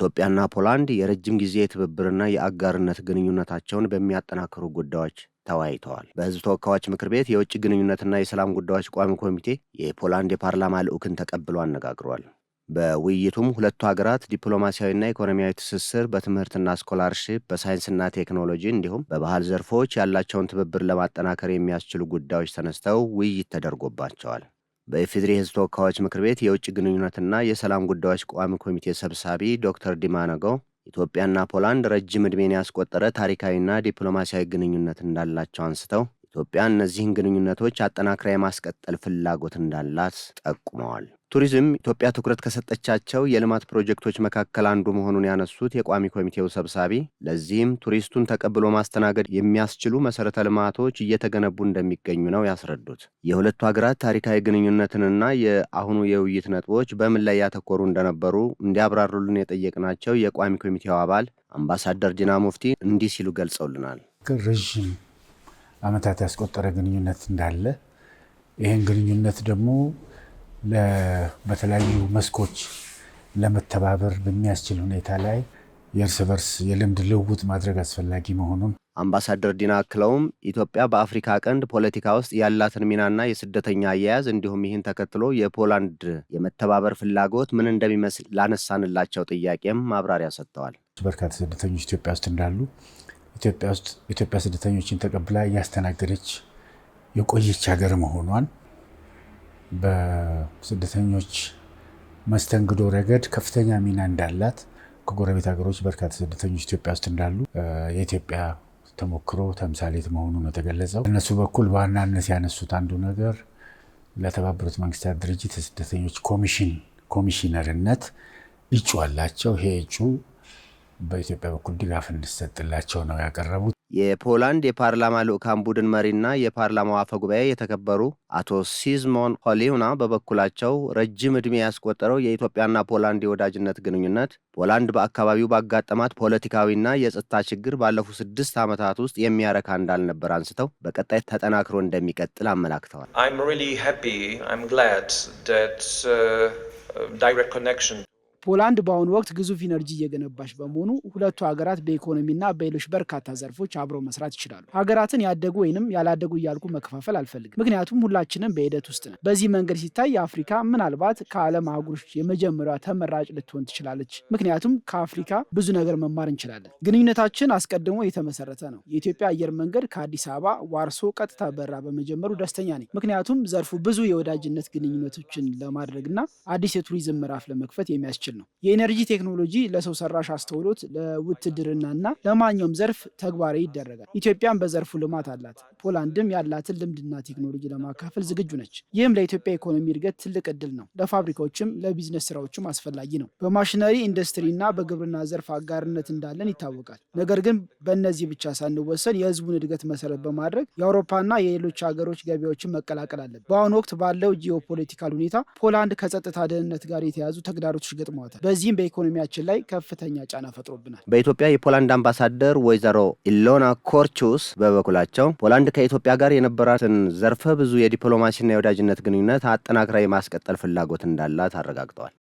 ኢትዮጵያና ፖላንድ የረጅም ጊዜ የትብብርና የአጋርነት ግንኙነታቸውን በሚያጠናክሩ ጉዳዮች ተወያይተዋል። በሕዝብ ተወካዮች ምክር ቤት የውጭ ግንኙነትና የሰላም ጉዳዮች ቋሚ ኮሚቴ የፖላንድ የፓርላማ ልዑክን ተቀብሎ አነጋግሯል። በውይይቱም ሁለቱ ሀገራት ዲፕሎማሲያዊና ኢኮኖሚያዊ ትስስር በትምህርትና ስኮላርሺፕ፣ በሳይንስና ቴክኖሎጂ እንዲሁም በባህል ዘርፎች ያላቸውን ትብብር ለማጠናከር የሚያስችሉ ጉዳዮች ተነስተው ውይይት ተደርጎባቸዋል። በኢፌዴሪ ሕዝብ ተወካዮች ምክር ቤት የውጭ ግንኙነትና የሰላም ጉዳዮች ቋሚ ኮሚቴ ሰብሳቢ ዶክተር ዲማ ኢትዮጵያና ፖላንድ ረጅም ዕድሜን ያስቆጠረ ታሪካዊና ዲፕሎማሲያዊ ግንኙነት እንዳላቸው አንስተው ኢትዮጵያ እነዚህን ግንኙነቶች አጠናክራ የማስቀጠል ፍላጎት እንዳላት ጠቁመዋል። ቱሪዝም ኢትዮጵያ ትኩረት ከሰጠቻቸው የልማት ፕሮጀክቶች መካከል አንዱ መሆኑን ያነሱት የቋሚ ኮሚቴው ሰብሳቢ፣ ለዚህም ቱሪስቱን ተቀብሎ ማስተናገድ የሚያስችሉ መሰረተ ልማቶች እየተገነቡ እንደሚገኙ ነው ያስረዱት። የሁለቱ ሀገራት ታሪካዊ ግንኙነትንና የአሁኑ የውይይት ነጥቦች በምን ላይ ያተኮሩ እንደነበሩ እንዲያብራሩልን የጠየቅናቸው የቋሚ ኮሚቴው አባል አምባሳደር ዲና ሙፍቲ እንዲህ ሲሉ ገልጸውልናል። ረዥም ዓመታት ያስቆጠረ ግንኙነት እንዳለ ይህን ግንኙነት ደግሞ በተለያዩ መስኮች ለመተባበር በሚያስችል ሁኔታ ላይ የእርስ በርስ የልምድ ልውውጥ ማድረግ አስፈላጊ መሆኑን አምባሳደር ዲና አክለውም ኢትዮጵያ በአፍሪካ ቀንድ ፖለቲካ ውስጥ ያላትን ሚናና የስደተኛ አያያዝ እንዲሁም ይህን ተከትሎ የፖላንድ የመተባበር ፍላጎት ምን እንደሚመስል ላነሳንላቸው ጥያቄም ማብራሪያ ሰጥተዋል። በርካታ ስደተኞች ኢትዮጵያ ውስጥ እንዳሉ ኢትዮጵያ ውስጥ ኢትዮጵያ ስደተኞችን ተቀብላ እያስተናገደች የቆየች ሀገር መሆኗን በስደተኞች መስተንግዶ ረገድ ከፍተኛ ሚና እንዳላት ከጎረቤት ሀገሮች በርካታ ስደተኞች ኢትዮጵያ ውስጥ እንዳሉ የኢትዮጵያ ተሞክሮ ተምሳሌት መሆኑ ነው የተገለጸው። እነሱ በኩል በዋናነት ያነሱት አንዱ ነገር ለተባበሩት መንግስታት ድርጅት የስደተኞች ኮሚሽን ኮሚሽነርነት እጩ አላቸው። ይሄ እጩ በኢትዮጵያ በኩል ድጋፍ እንዲሰጥላቸው ነው ያቀረቡት። የፖላንድ የፓርላማ ልዑካን ቡድን መሪና የፓርላማው አፈ ጉባኤ የተከበሩ አቶ ሲዝሞን ሆሊሁና በበኩላቸው ረጅም ዕድሜ ያስቆጠረው የኢትዮጵያና ፖላንድ የወዳጅነት ግንኙነት ፖላንድ በአካባቢው ባጋጠማት ፖለቲካዊና የጸጥታ ችግር ባለፉት ስድስት ዓመታት ውስጥ የሚያረካ እንዳልነበር አንስተው በቀጣይ ተጠናክሮ እንደሚቀጥል አመላክተዋል። ፖላንድ በአሁኑ ወቅት ግዙፍ ኢነርጂ እየገነባች በመሆኑ ሁለቱ ሀገራት በኢኮኖሚና በሌሎች በርካታ ዘርፎች አብረው መስራት ይችላሉ። ሀገራትን ያደጉ ወይንም ያላደጉ እያልኩ መከፋፈል አልፈልግም፣ ምክንያቱም ሁላችንም በሂደት ውስጥ ነን። በዚህ መንገድ ሲታይ አፍሪካ ምናልባት ከዓለም አህጉሮች የመጀመሪያ ተመራጭ ልትሆን ትችላለች፣ ምክንያቱም ከአፍሪካ ብዙ ነገር መማር እንችላለን። ግንኙነታችን አስቀድሞ የተመሰረተ ነው። የኢትዮጵያ አየር መንገድ ከአዲስ አበባ ዋርሶ ቀጥታ በራ በመጀመሩ ደስተኛ ነኝ፣ ምክንያቱም ዘርፉ ብዙ የወዳጅነት ግንኙነቶችን ለማድረግና አዲስ የቱሪዝም ምዕራፍ ለመክፈት የሚያስችል የሚያስችል ነው። የኤነርጂ ቴክኖሎጂ ለሰው ሰራሽ አስተውሎት፣ ለውትድርናና ለማንኛውም ዘርፍ ተግባራዊ ይደረጋል። ኢትዮጵያም በዘርፉ ልማት አላት። ፖላንድም ያላትን ልምድና ቴክኖሎጂ ለማካፈል ዝግጁ ነች። ይህም ለኢትዮጵያ ኢኮኖሚ እድገት ትልቅ እድል ነው። ለፋብሪካዎችም ለቢዝነስ ስራዎችም አስፈላጊ ነው። በማሽነሪ ኢንዱስትሪና በግብርና ዘርፍ አጋርነት እንዳለን ይታወቃል። ነገር ግን በእነዚህ ብቻ ሳንወሰን የህዝቡን እድገት መሰረት በማድረግ የአውሮፓና የሌሎች ሀገሮች ገበያዎችን መቀላቀል አለን። በአሁኑ ወቅት ባለው ጂኦፖለቲካል ሁኔታ ፖላንድ ከጸጥታ ደህንነት ጋር የተያዙ ተግዳሮቶች ገጥሞ ተቋቁሟታል። በዚህም በኢኮኖሚያችን ላይ ከፍተኛ ጫና ፈጥሮብናል። በኢትዮጵያ የፖላንድ አምባሳደር ወይዘሮ ኢሎና ኮርቹስ በበኩላቸው ፖላንድ ከኢትዮጵያ ጋር የነበራትን ዘርፈ ብዙ የዲፕሎማሲና የወዳጅነት ግንኙነት አጠናክራ የማስቀጠል ፍላጎት እንዳላት አረጋግጠዋል።